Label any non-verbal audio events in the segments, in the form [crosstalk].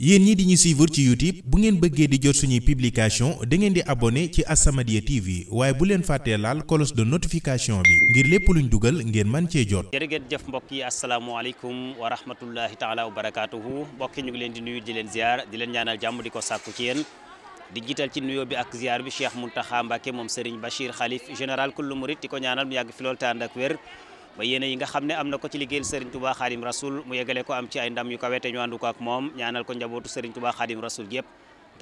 yéen ñi di ñu suivre ci YouTube bu ngeen bëggee di jot suñuy publication da ngeen di abonné ci As-Samadiyya TV waaye bu leen fàttee laal cloche de notification bi ngir lépp luñ dugal ngeen man cee jot. jërëjëf jëf mbokk yi asalaamaaleykum wa rahmatullahi taala wa barakaatuhu mbokk ñu ngi leen di nuyu di leen ziar di leen ñaanal jàmm di ko sàkku ci yéen di jiital ci nuyoo bi ak ziar bi Cheikh Mountakha Mbacké moom Serigne Bachir Khalif général kullu murid di ko ñaanal mu yàgg fi lool te ànd ak ba yéene yi nga xam ne am na ko ci liggéeyal Serigne Touba Khadim Rasoul mu yegale ko am ci ay ndam yu kawe te ñu ànd ko ak moom ñaanal ko njabootu Serigne Touba Khadim Rasoul yëpp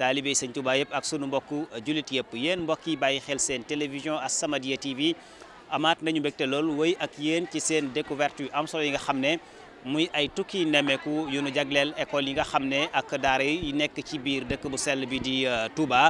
taalibe Serigne Touba yëpp ak sunu mbokku julit yëpp yéen mbokk yi bàyyi xel seen télévision As-Samadiyya TV amaat nañu mbégte lool wéy ak yéen ci seen découverte yu am solo yi nga xam ne muy ay tukki nemmeeku yu nu jagleel école yi nga xam ne ak daara yi nekk ci biir dëkk bu sell bi di euh, Touba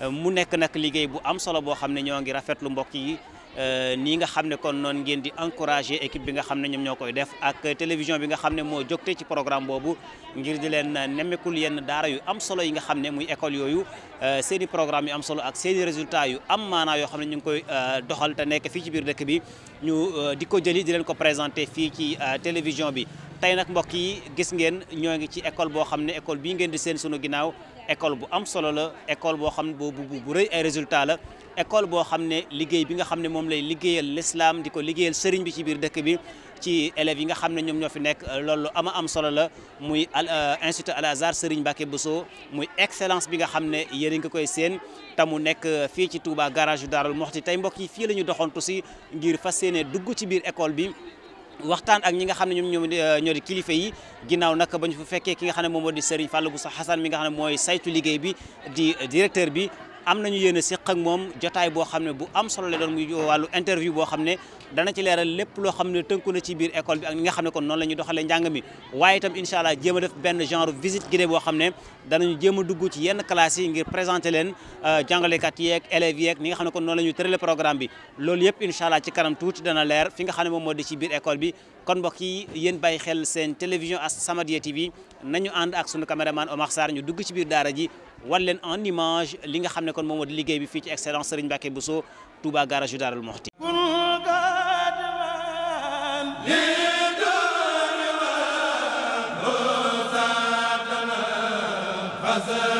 euh, mu nekk nag liggéey bu am solo boo xam ne ñoo ngi rafetlu mbokk yi Euh, nii nga xam ne kon noonu ngeen di encourager équipe bi nga xam ne ñoom ñoo koy def ak télévision bi nga xam ne moo jógte ci programme boobu ngir di leen nemmekul yenn daara yu am solo yi nga xam ne muy école yooyu euh, seen i programme yu am solo ak seen i yu am maanaa yoo xam ne ñu ngi koy euh, doxal ta nekk fii ci biir dëkk bi ñu di ko jëli di leen ko présenter fii ci télévision bi tey nag mbokk yi gis ngeen ñoo ngi ci école boo xam ne école bi ngeen di seen sunu ginnaaw école bu am solo la école boo xam ne bu bu rëy ay résultat la école boo xam ne liggéey bi nga xam ne moom lay liggéeyal l'islam di ko liggéeyal sëriñ bi ci biir dëkk bi ci élèves yi nga xam ne ñoom ñoo fi nekk loolu ama am solo la muy euh, institut Al Azhar Serigne Mbacké Bousso muy excellence bi nga xam ne yéen a koy seen te mu nekk euh, fii ci Touba garage yu Daarul Moxti tey mbokk yi fii la ñu doxantu si ngir fa yéene dugg ci biir école bi waxtaan ak ñi nga xam ne ñoom ñoom euh, ñoo di kilifa yi ginnaaw nag bañu ñu fa fekkee ki nga xam ne moom moo di Serigne Fallou Bousso Hassane mi nga xam ne mooy saytu liggéey bi di directeur bi am nañu yéen a seq ak moom jotaay boo xam ne bu am solo la doon mu muy wàllu interview boo xam ne dana ci leeral lépp loo xam ne tënku na ci biir école bi ak nga xam ne ko noonu la ñuy doxalee njàng mi waaye itam incha allah a def benn genre visite boo xam ne danañu jéem a dugg ci yenn classes yi ngir présenter leen euh, jàngalekat yeeg élèves yeeg ñi nga xam ne kon noonu la ñuy tërale programme bi loolu yëpp incha allah ci kanam tuuti dana leer fi nga xam ne moom moo di ci biir école bi kon mbokk yi yéen bàyyi xel seen télévision As Samadiyya TV nañu ànd ak sunu caméraman Omar Sarr ñu dugg ci biir daara ji wan leen en image li nga xam ne kon moom moo di liggéey bi fii ci excellence Serigne Mbacké Bousso Touba garage yu Daarul Muxti Hazar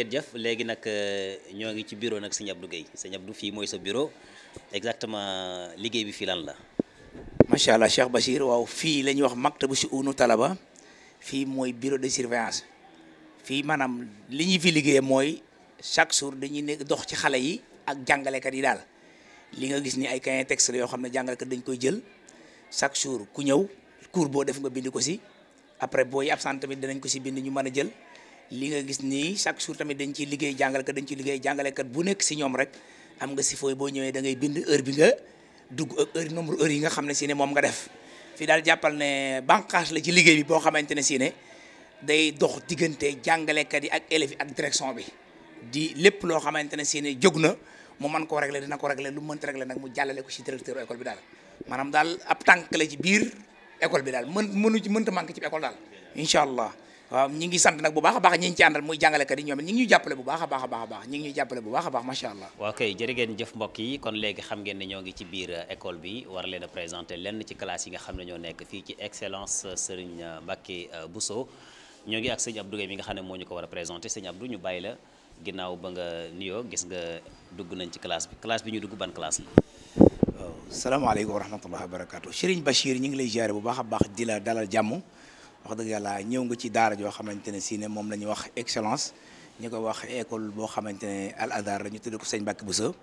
ngeen jëf léegi nag euh, ñoo ngi ci bureau nag sëñ Abdou Guèye sëñ Abdou fii mooy sa bureau exactement liggéey bi fii lan la. macha allah Cheikh Bachir waaw fii la ñuy wax maktabu si unu talaba fii mooy bureau de surveillance fii maanaam li fi liggéeyee mooy chaque jour dañuy nekk dox ci xale yi ak jàngalekat yi daal li nga gis ni ay cahier texte la yoo xam ne jàngalekat dañ koy jël chaque jour ku ñëw cours boo def nga bind ko si après booy absent tamit danañ ko bind ñu mën a jël. li nga gis nii chaque jour tamit dañ ciy liggéey jàngalekat dañ ciy liggéey jàngalekat bu nekk si ñoom rek am nga si fooy boo ñëwee da ngay bind heure bi nga dugg ak heure nombre yi nga xam ne si ne moom nga def fii daal jàppal ne bànqaas la ci liggéey bi boo xamante ne si ne day dox diggante jàngalekat yi ak élèves ak direction bi di lépp loo xamante ne si jóg na mu mën koo régler dina ko régler lu mu mënti régler nag mu jàllale ko si directeur école bi daal maanaam daal ab tànk la ci biir école bi daal mën mënu ci mënta manqué ci école daal allah waaw ñi ngi sant nag bu baax a baax ñi ngi ci àndal muy jàngalekat yi ñoom ñi ngi ñu jàppale bu baax a baax a baax a ngi ñu jàppale bu baax a baax macha allah waaw kay jërë ngeen jëf mbokk yi kon léegi xam ngeen ne ñoo ngi ci biir euh, école bi war leen présenter lenn ci classe yi nga xam ne ñoo nekk fii ci excellence euh, Serigne euh, Mbacké Bousso ñoo ngi ak sëñ Abdou Gueye mi nga xam ne moo ñu ko war a présenter sëñ Abdou ñu bàyyi la ginnaaw ba nga nuyoo gis nga dugg nañ ci classe bi classe bi ñu dugg ban classe la waaw salaamaaleykum wa rahmatullah wa barakatu Serigne Bachir ñi ngi lay ziare bu baax a baax di la dalal jàmm wax dëgg yàlla ñëw nga ci daara joo xamante ne si ne moom la ñuy wax excellence ñu ko wax école boo xamante ne al adar la ñu tudd ko sëñ bu Bousso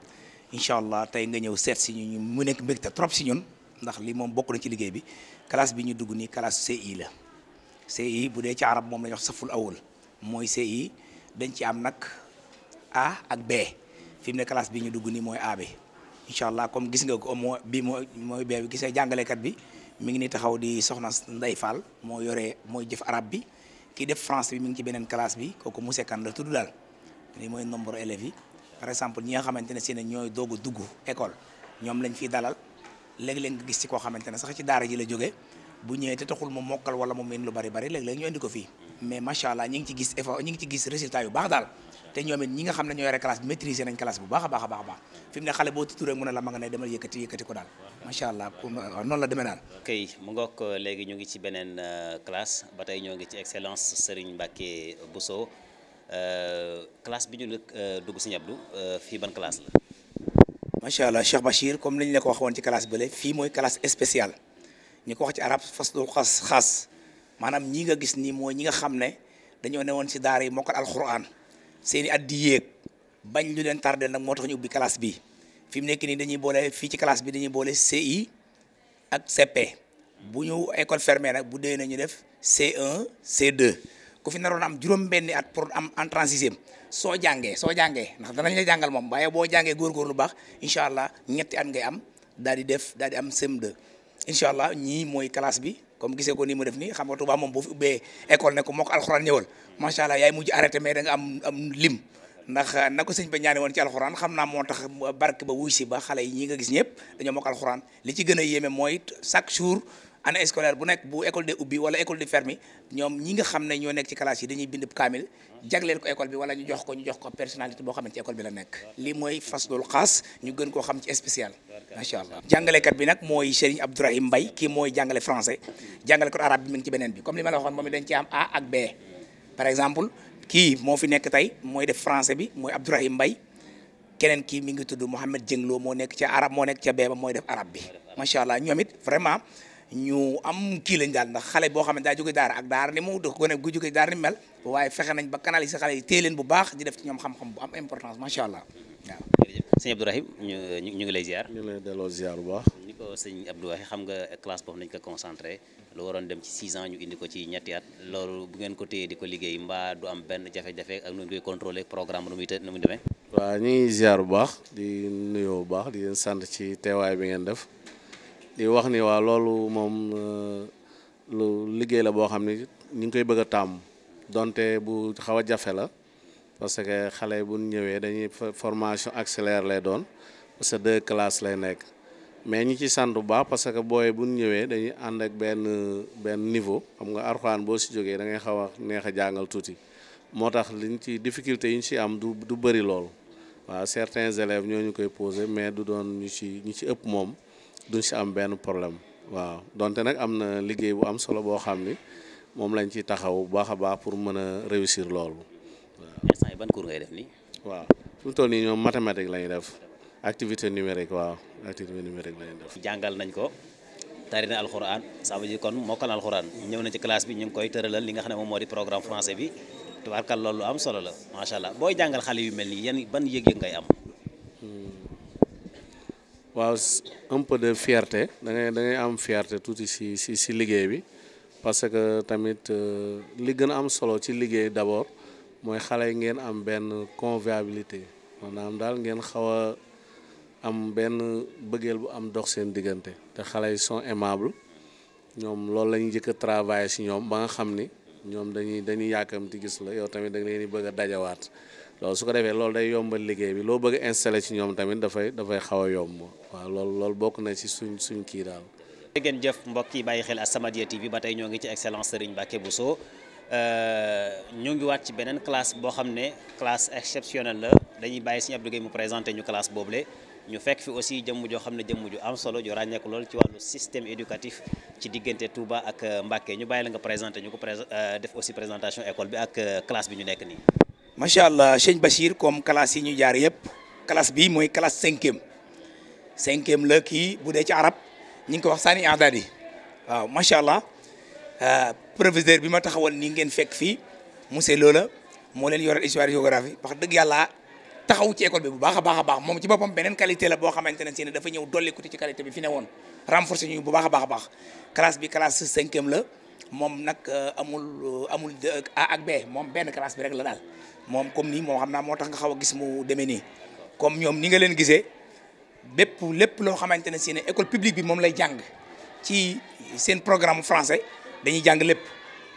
incha allah tey nga ñëw seet si ñu mu nekk mbégte trop si ñun ndax li moom bokk na ci liggéey bi classe bi ñu dugg nii classe CI la CI bu dee ci arab moom la ñuy wax saful awul mooy CI dañ ci am nag A ak B fi mu ne classe bi ñu dugg nii mooy A bi allah comme gis nga ko moo bi mooy mooy bi gisee jàngalekat bi mi ngi ni taxaw di soxna Ndeye Fall moo yore mooy jëf arabe bi kii def France bi mu ngi ci beneen classe bi kooku Moussé Kane la tudd daal lii mooy nombre élèves yi par exemple ñi nga xamante ne si ne ñooy doog a dugg école ñoom lañ fiy dalal léeg-léeg nga gis ci koo xamante ne sax ci daara ji la jóge bu ñëwee te taxul mu mokkal wala mu mën lu bari bari léeg-léeg ñu indi ko fii mais macha allah ñu ngi ci gis effort ñu ngi ci gis résultat yu baax daal te ñoom it ñi nga xam ne ñoo yore classe bi maîtriser nañ classe bu baax a baax a baax fi ne xale boo tuturee mën a la ma nga ne demal yëkkati yëkkati ko daal macha allah noonu la euh, léegi ñu ngi ci beneen euh, classe ba tey ñoo ngi ci excellence Serigne Mbacké Bousso euh, classe bi ñu nag dugg si ñabdu fii ban classe la. macha allah Cheikh Bachir comme ni ñu la ko waxoon ci classe bële fii mooy classe spéciale ñu ko wax ci arab faslu xas xas maanaam ñi nga gis nii mooy ñi nga xam ne dañoo newoon si daar yi mokkal alquran. seeni at di yéeg bañ lu leen tardel nag moo tax ñu ubbi classe bi fi mu nekk nii dañuy boole fii ci classe bi dañuy boole CI ak CP bu ñu école fermée nag bu dee nañu def C1 C2 ku fi naroon am juróom-benni at pour am entrée en sixième soo jàngee soo jàngee ndax danañ la jàngal moom waaye boo jàngee góorgóorlu baax incha allah ñetti at ngay am daal di def daal di am CM2 allah ñii mooy classe bi. comme gisee ko nii ma def nii xam nga Touba moom boo fi ubbee école ne ko moo ko alxuraan ñëwal macha allah yaay mujj arrêté mais da am am lim ndax euh, na ko ba ñaane woon ci alxuraan xam naa moo tax barke ba wuy si ba xale yi ñi nga gis ñëpp dañoo mokk alxuraan li ci gën a yéeme mooy chaque jour année scolaire bu nekk bu école de ubbi wala école de fermi ñoom ñi nga xam ne ñoo nekk ci classe yi dañuy bind kaamil jagleel ko école bi ko ñu jox koo xam ci spécial macha allah jàngalekat bi nag mooy Serigne Abdourahim Mbaye kii mooy jàngale français jàngalekat arabe bi mu ngi ci beneen bi comme li ma la waxoon moom dañ ci am A ak B par exemple kii moo fi nekk tey mooy def français bi mooy Abdourahim mbay keneen kii mi ngi tudd Mouhamed Dieng moo nekk ca arab moo nekk ca B ba mooy def arab bi macha allah ñoom it ñu am kii lañ daal ndax xale boo xam ne daa jóge daar ak daara ni mu dëkk gone gu jóge daara ni mel waaye fexe nañ ba canaliser xale yi téye leen bu baax di def ci ñoom xam-xam am importance macha allah waaw. jërëjëf sëñ Abdourahim ñu ngi lay ziar. ñu ngi lay delloo ziar bu baax. ni ko sëñ Abdou xam nga classe boobu nañ ko concentré lu waroon dem ci 6 ans ñu indi ko ci ñetti at loolu bu ngeen ko téye di ko liggéey mbaa du am benn jafe-jafe ak nu ñu koy contrôlé programme nu muy nu muy demee. waaw ñu ziar bu baax di nuyoo bu baax di leen sant ci teewaay bi ngeen def di wax ni waa loolu moom euh, lu liggéey la boo xam ni ñu ngi koy bëgg a taamu donte bu xaw a jafe la parce que xale yi bu ñëwee dañuy formation accélère lay doon parce que deux classes lay nekk mais ñi ci sant bu baax parce que booy bu ñëwee dañuy ànd ak benn benn niveau xam nga arxaan boo si jógee da ngay xaw a neex a jàngal tuuti moo tax liñ ci difficulté yi ñu ci am du du bëri loolu waaw certains élèves ñoo ñu koy posé mais du doon ñu ci ñu ci ëpp moom. duñ si am benn problème waaw donte nag am na liggéey bu am solo boo xam ni moom lañ ci taxaw bu baax a baax pour mën a réussir loolu waaw. ban cours ngay def nii. waaw fi mu toll nii ñoom mathématique la ñuy def activité numérique waaw activité numérique la def. jàngal nañ ko. tari na alxuraan ça veut dire kon mokkal na alxuraan ñëw na ci classe bi ñu ngi koy tëralal li nga xam ne moom moo di programme français bi tubaarkal loolu am solo la macha allah booy jàngal xale yu mel nii yan ban yëg-yëg am. waaw un peu de fierté da ngay da ngay am fierté tuuti si si si liggéey bi parce que tamit euh, li gën a am solo ci liggéey d'abord mooy xale yi ngeen am benn conviabilité maanaam daal ngeen xaw a am benn bëggeel bu am dox seen diggante te xale yi son aimables ñoom loolu lañu ñu njëkk a travailler si ñoom ba nga xam ni ñoom dañuy dañuy yàkkamti gis la yow tamit da nga leen di bëgg a dajawaat loolu su ko defee loolu day yombal liggéey bi loo bëgg installé ci ñoom tamit dafay dafay xaw a yomb waaw loolu loolu bokk na ci suñ suñ kii daal. ngeen jëf mbokk yi bàyyi xel As-Samadiyya TV ba tey ñoo ngi ci excellence Serigne Mbacké Bousso euh, ñoo ngi waat ci beneen classe boo xam ne classe exceptionnelle la dañuy bàyyi Serigne Abdou Gueye mu présenté ñu classe boobule ñu fekk fi aussi jëmm joo xam ne jëmm ju am solo ju ràññeeku lool ci wàllu système éducatif ci diggante Touba ak euh, Mbacké ñu bàyyi la nga présenté ñu ko euh, def aussi présentation école bi ak classe bi ñu nekk nii. macha allah Cheikh Bachir comme classe yi ñu jaar yëpp classe bi mooy classe cinquième cinquième la kii bu dee ci arab ñu ngi ko wax saani aadaat yi waaw macha allah euh, proviseur bi ma taxawal nii ngeen fekk fii monsieur Loola moo leen yore histoire géographie wax dëgg yàlla taxaw ci école bi bu baax a baax a baax moom ci boppam beneen qualité la boo xamante ne si ne dafa ñëw dolli ko ci qualité bi fi ne woon renforcer ñu bu baax a baax a baax classe bi classe cinquième la. moom nag euh, amul euh, amul A ak be moom benn classe bi rek la daal moom comme nii moom xam naa moo tax nga xaw a gis mu demee nii comme ñoom ni nga leen gisee bépp lépp loo xamante ne si école publique bi moom lay jàng ci seen programme français dañuy jàng lépp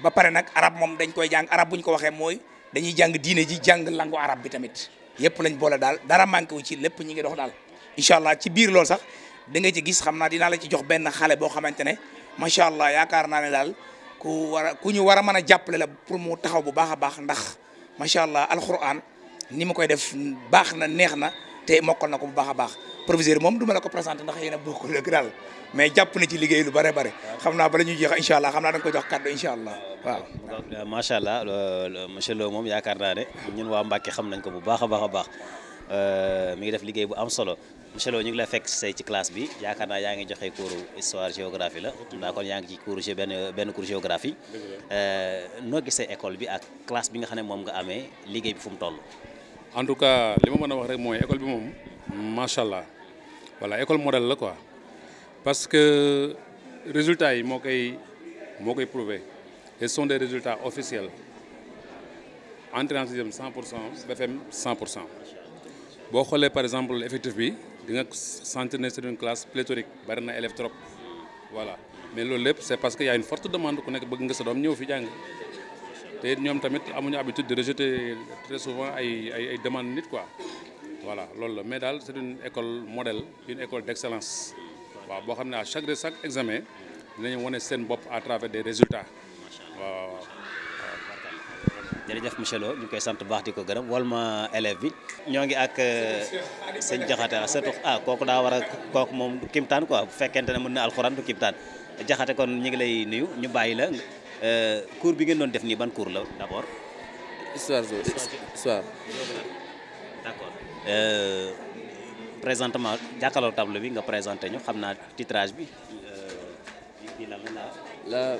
ba pare nag arab moom dañ koy jàng arab bu ñu ko waxee mooy dañuy jàng diine ji jàng langu arab bi tamit yëpp lañ boole daal dara manqué wu ci lépp ñu ngi dox daal incha allah ci biir loolu sax da ci gis xam naa dinaa la ci jox benn xale boo xamante ne macha allah yaakaar naa ne daal ku war a ku ñu war a mën a jàppale la pour mu taxaw bu baax a baax ndax macha allah alquran ni mu koy def baax na neex na te mokkal na ko bu baax a baax proviseur moom duma la ko présenté ndax yéen a bokk ak daal mais jàpp na ci liggéey lu bare bare xam naa bala ñu jeex incha allah xam naa da koy ko jox kàddu incha allah waaw. allah euh, monsieur Lo moom yaakaar naa ne ñun waa Mbacke xam nañ ko bu baax a baax a baax euh, mi ngi def liggéey bu am solo. monsieur Lo ñu ngi lay fekk say ci classe bi yaakaar naa yaa ngi joxe cours histoire géographie la ndaa kon yaa ngi ci cours benn benn cours géographie euh, noo gisee école bi ak classe bi nga xam ne moom nga amee liggéey bi fu mu toll en tout cas li ma mën a wax rek mooy école bi moom macha allah voilà école modèle la ko parce que résultat yi moo koy moo koy prouvé ce sont des résultats officiels entrée en sixième 100 pour cent BFM 100 pour cent boo xoolee par exemple effectif bi di nga sentir ne c'est une classe pléthorique bari na élève trop voilà mais loolu lépp c'est parce que y a une forte demande ku nekk bëgg nga sa doom ñëw fi jàng te ñoom tamit amuñu habitude de rejeter très souvent ay ay ay demandes nit quoi voilà loolu la mais daal c'est une école modèle une école d'excellence waaw boo xam ne à chaque de chaque examen dinañu wane seen bopp à travers des résultats waaw. jërëjëf monsieur Lo ñu koy sant baax di ko gërëm wal ma élève bi ñoo ngi ak euh, sëñ Jaxate surtout ah kooku daa war a kooku moom du kimtaan quoi bu fekkente ne mën na alxuraan du kimtaan Jaxate kon ñu ngi lay nuyu ñu bàyyi la euh, cours bi ngeen doon def nii ban cours la d'abord. histoire euh, présentement jàkkaarloo table bi nga présenté ñu xam naa titrage bi. la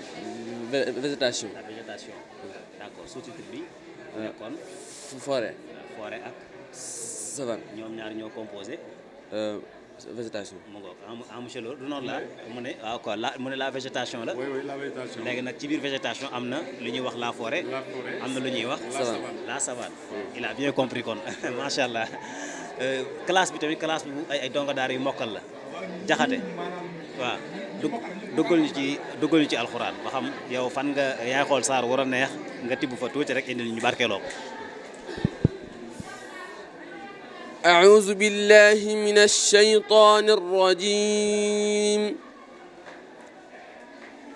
végétation. végétation. d'accord sous-titre bi. nekkoon euh, forêt. Euh, forêt ak. savane ñoom ñaar ñoo composé. Euh, végétation. mu ngoog ah, ah monsieur Lo du noonu la mu ne waaw ah, quoi la mu ne la végétation la. oui nag ci biir végétation am na lu ñuy wax la forêt. la am na lu ñuy wax. la savane la il a bien compris kon [laughs] macha allah classe bi tamit classe bu ay ay yu mokkal la jaxate waaw. dugg duggal ñu ci duggal ñu ci alxuraan ba xam yow fan nga yaay xool saar war a neex nga tibb fa tuuti rek indil ñu barkeeloo ko أعوذ بالله من الشيطان الرجيم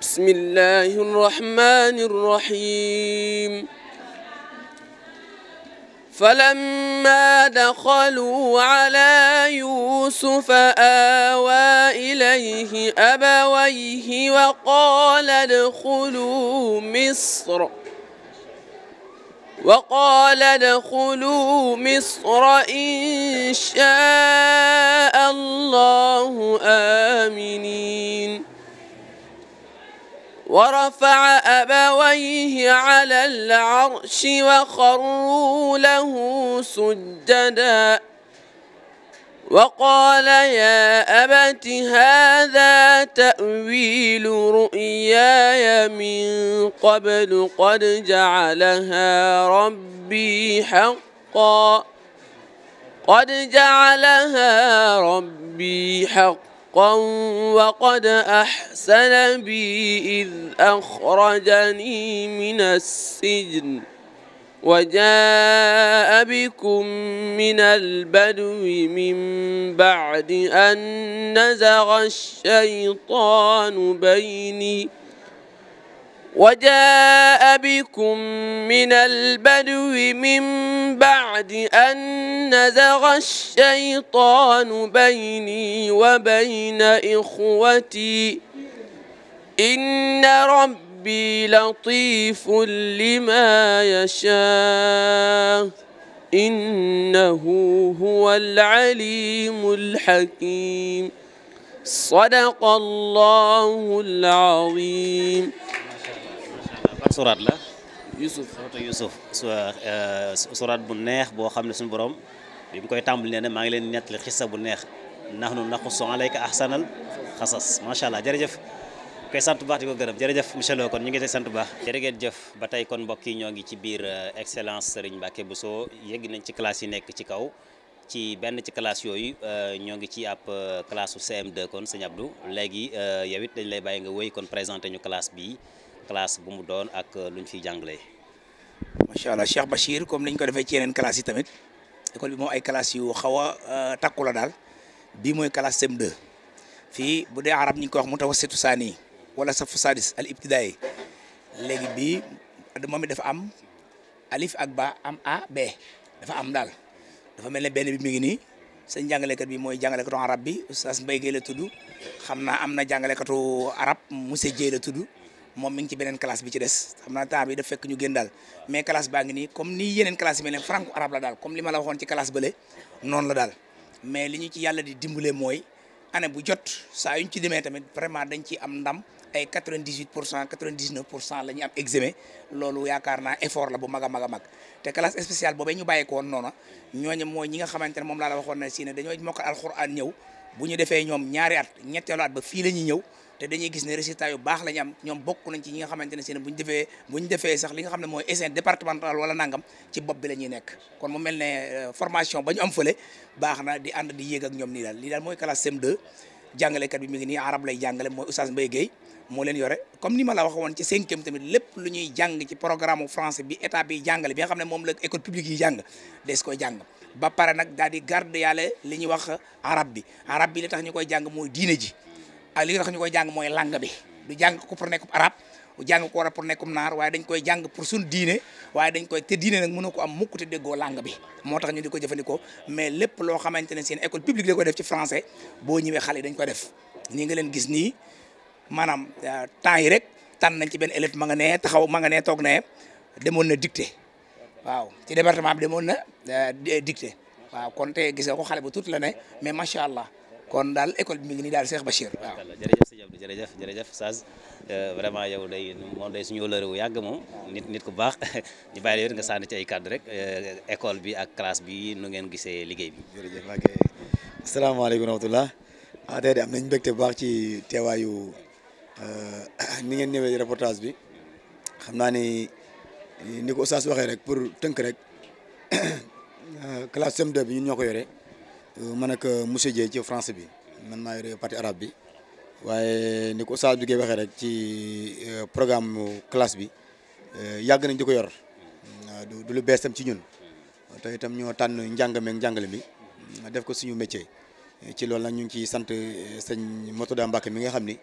بسم الله الرحمن فلما دخلوا على يوسف آوى إليه أبويه وقال ادخلوا مصر وقال ادخلوا مصر إن شاء الله آمنين ورفع أبويه على العرش وخروا له سجدا وقال يا أبت هذا تأويل رؤياي من قبل قد جعلها ربي حقا قد جعلها ربي حقا حقا وقد أحسن بي إذ أخرجني من السجن وجاء بكم من البدو من بعد أن نزغ الشيطان بيني وجاء بكم من البدو من بعد أن نزغ الشيطان بيني وبين إخوتي إن ربي لطيف لما يشاء إنه هو العليم الحكيم صدق الله العظيم suraat la Youssouf sourate eh, Youssouf suraat bu neex boo xam ne suñu borom bi mu koy tàmbali nee maa ngi leen nettali xissa bu neex nu nahnu naqussu alayka ahsanal xasas macha allah jërëjëf koy santu bu baax di ko gërëm jërëjëf monsieur seloo kon ñu ngi lay sant bu baax jërëgeen jëf ba tey kon mbokk yi ñoo ngi ci biir eh, excellence Serigne Mbacké soo yegg nañ ci classe yi nekk ci kaw ci benn ci classe yooyu eh, ñoo ngi ci ab classe u kon sëñ Abdou léegi yow it dañ lay bàyyi nga wéy kon présenté ñu classe bi classe bu mu doon ak euh, lu ñu fiy jàngalee. macha allah Cheikh Bachir comme ni ñu ko defee ci yeneen classes yi tamit école bi moom ay classes yu xaw a euh, takku la daal bii mooy classe CM2 fii bu dee arab ñu ngi koy wax mutawassitu saani wala safu sadis al ibtidaay léegi bii moom it dafa am alif ak ba am a b dafa am daal dafa mel ne benn bi mi ngi nii seen jàngalekat bi mooy jàngalekatu arab bi oustaz Mbaye Gueye la tudd xam naa am na jàngalekatu arab monsieur Dieye la tudd. moom mi ngi ci beneen classe bi ci des xam naa temps bi daf fekk ñu génn daal mais classe baa ngi nii comme ni yeneen classe yi mel ne franco arabe la daal comme li ma waxoon ci classe bële noonu la daal mais li ñu ci yàlla di dimbale mooy année bu jot saa yu ñu ci demee tamit vraiment dañ ci am ndam ay 98 pour cent 99 pour cent la ñuy am examen loolu yaakaar naa effort la bu mag a mag a mag te classe spéciale boobee ñu bàyyi ko woon noonu ñooñu mooy ñi nga xamante ne moom laa la waxoon ne si ne dañoo mokk alxuraan ñëw bu ñu defee ñoom ñaari at ñetteelu at ba fii la ñuy ñëw. te dañuy gis ne résultat yu baax la am ñoom bokk nañ ci ñi nga xamante ne si ne buñ defee buñ sax li nga xam ne mooy essain départemental wala nangam ci bopp bi la ñuy nekk kon mu mel ne euh, formation ba ñu am fële baax na di ànd di yéeg ak ñoom nii daal lii mooy classe CM2 jàngalekat ngi nii arab lay jàngale mooy Oustaz Mbaye moo leen yore comme ni ma la wax woon ci cinquième tamit lépp lu ñuy jàng ci programme français bi état bi jàngale bi nga xam ne moom la école publique yi jàng des koy jàng ba pare nag daal di garde yàlla li ñuy wax arab bi arab bi li tax ñu koy jàng mooy diine ji Ah, li nga tax ñu koy jàng mooy làng bi du jàng ko pour nekkub arab du jàng ko war a pour nekkub naar waaye dañ koy jàng pour suñ diine waaye dañ koy te diine nag mën ko am mukk te déggoo langue bi moo tax ñu di ko jëfandikoo mais lépp loo xamante ne seen école publique la koy def ci français boo ñëwee xale dañ ko def nii nga leen gis nii maanaam euh, temps yi rek tànn nañ ci benn élève ma nga nee taxaw ma nga nee toog ne demoon na dicté waaw ci département bi demoon na euh, dicté waaw kon te gis ko xale bu tuuti la ne mais macha allah kon daal école bi mi ngi nii daal Cheikh Bachir waaw jërëjëf sëñ Abdou jërëjëf jërëjëf Saz euh, vraiment yow day moom day suñu wëlëre wu yàgg moom nit nit ku baax [laughs] ñu bàyyi la yow nga sànni ci ay kàddu rek euh, école bi ak classe bi nu ngeen gisee liggéey bi jërëjëf ok asalaamaaleykum wa rahmatullah ah am nañ mbégte bu ci teewaayu euh, [coughs] ni ngeen ñëwee reportage bi xam naa ni ni ko Oustaz waxee rek pour tënk rek [coughs] classe CM2 bi ñun ñoo ko yore Euh, man ak euh, monsieur Dieye ci France bi man maa yore parti arabe bi waaye ni ko Oustaz Duguay waxee rek ci euh, programme classe bi yàgg nañ di ko yor du lu bees ci ñun te itam ñoo tànn njàng meeg njàngale mi mm, def ko suñu métier ci loolu nag ñu ngi ciy sant sëñ Motoda Mbacke mi nga xam ni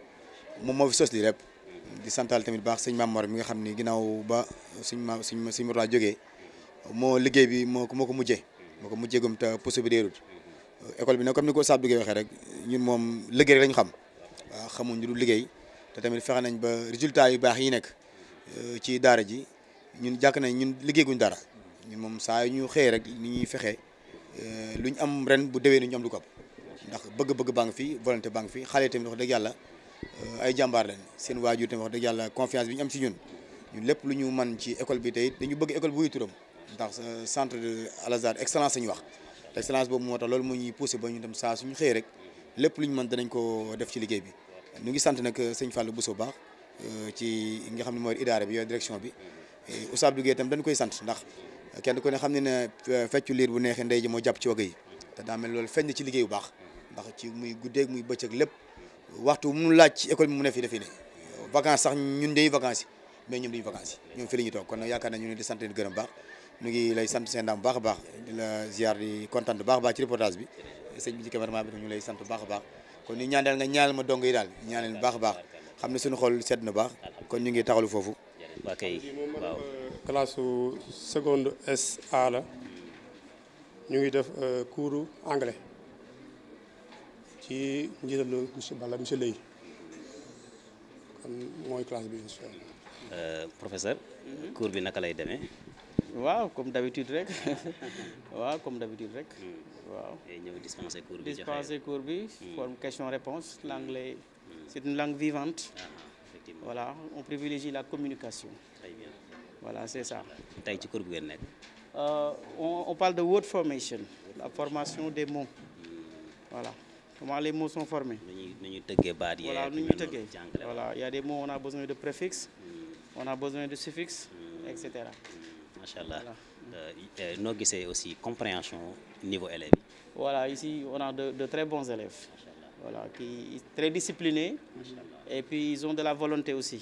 moom moo fi sos li rek di santal tamit baax sëñ Mamor mi nga xam ni ginnaaw ba suñ ma suñ suñ Motoda jógee moo liggéey bi moo ko moo ko mujjee moo ko mujjee gum te pousse école bi nag comme ni ko Saab Duggee waxee rek ñun moom liggéey rek lañ xam waaw xamuñ lu liggéey te tamit fexe nañ ba résultat yu baax yi nekk euh, ci daara ji ñun jàkk nañ ñun liggéey guñ dara ñun moom saa yu ñu xëyee rek ni ñuy fexe euh, luñ am ren bu déwee ni ñu am lu ko ndax bëgg-bëgg baa ngi fi volonté baa ngi fi xale tamit wax dëgg yàlla euh, ay jàmbaar lañ seen waajur tamit wax dëgg yàlla confiance bi ñu am ci ñun ñun lépp lu ñu man ci école bi tey dañu bëgg école bu turam ndax centre de Al Azhar ñu wax te excellence boobu moo tax loolu moo ñuy poussé ba ñu dem saa suñu xëy rek lépp lu ñu man danañ ko def ci liggéey bi ñu ngi sant nag euh, sëñ Fallou Bousso baax euh, ci nga xam ne mooy idaara bi yooyu direction bi Ousseynou Abdou Guèye itam dañ koy sant ndax kenn ku ne xam ne ne euh, feccu liir bu neexee ndey ji moo jàpp ci wagg yi te daa mel loolu feeñ na ci liggéey bu baax ndax ci muy guddeeg muy bëccëg lépp waxtu mu laaj ci école bi mu ne fii dafii ne sax ñun dey vacances yi mais ñoom duñu vacances yi ñoom fi ñu toog kon nag yaakaar na ñu ne di sant baax ñu ngi lay sant seen daam bu baax a baax di la ziar di kontaan bu baax baax ci reportage bi sëñ bi ci cameraman bi ñu lay sant bu baax a baax kon ñu ñaan daal nga ma dong yi daal ñaanal a baax xam ne suñu xol sedd na baax kon ñu ngi taxalu foofu. waa kay waaw classe seconde SA la ñu ngi def euh, cours anglais ci njiitalu monsieur Balla monsieur Leye kon mooy classe bi euh, professeur. Mhm. cours bi naka lay demee. waaw comme d'habitude rek [laughs] waaw comme d'habitude rek hmm. waaw ñëw dispenser bi dispenser cours bi hmm. forme question réponse hmm. l'anglais c'est une langue vivante ah, effectivement on privilégie la communication très bien c'est ça tey ci cours bu ngeen nekk euh, on parle de word formation la formation des mots voilà comment les mots sont formés nu ñuy tëggee baat yi voilà nu ñuy tëggee voilà il y a des mots on a besoin de préfixe on a besoin de suffixe etc macha allah euh, euh, noo gisee aussi compréhension niveau élèves yi. voilà ici on a de de très bons élèves. voilà qui très disciplinés. et puis ils ont de la volonté aussi.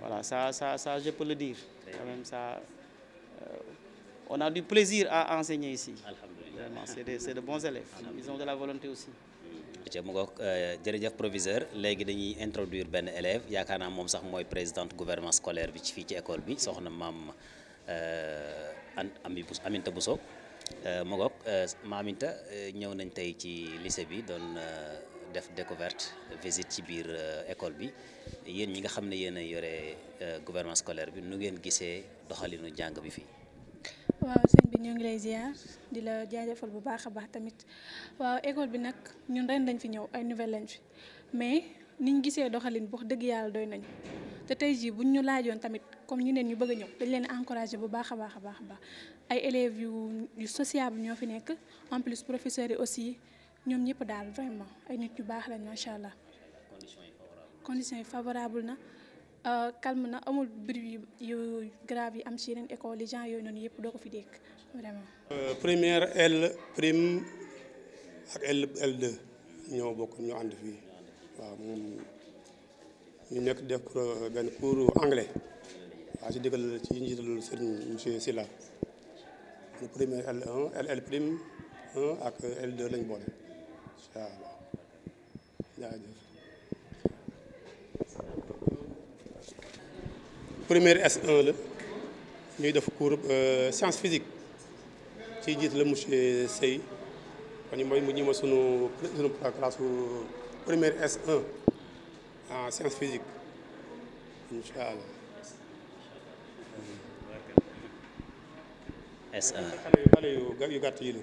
voilà ça ça ça je le dire. quand même ça euh, on a du plaisir à enseigner ici. vraiment c'est de c'est de bons élèves. ils ont de la volonté aussi. ci hmm. mu ngoog euh, jërëjëf proviseur léegi dañuy introduire benn élève yaakaar naa moom sax mooy présidente gouvernement scolaire bi ci fii ci école bi soxna maam Euh, an ami bu Aminta Bousso euh, mogoog euh, ma Aminta ñëw nañ tey ci lycée bi doon def découverte visite ci biir école bi yéen ñi nga xam ne yéen a yore gouvernance scolaire bi nu ngeen gisee doxalinu jàng bi fii. waaw sëñ bi ñoo ngi lay ziar di la jaajëfal bu baax a baax tamit waaw école bi nag ñun ren lañ fi ñëw ay nouvelle lañ fi mais niñ gisee doxalin bu wax dëgg yàlla doy nañ te tey jii buñ ñu laajoon tamit comme ñu ñeneen ñu bëgg a ñëw dañ leen encouragé bu baax a baax a baax ay élèves yu yu sociable ñoo fi nekk en plus professeurs yi aussi ñoom ñëpp daal vraiment ay nit yu baax lañ macha allah. conditions yi favorable na euh, calme na amul bruit yu grave yi am ci yeneen école yi gens yooyu noonu yëpp doo ko fi dégg euh, première L prime ak L L2 ñoo bokk ñoo ànd fii waaw moom. ñu nekk def pour euh, benn cours anglais waaw ci digal ci njiital sëriñ monsieur Sylla le ñuy def cours euh, science physique ci njiital monsieur Sey kon mooy ñu ma sunu sunu classe première en ah, sciences physiques allah. SA xale yu gàtt yi la.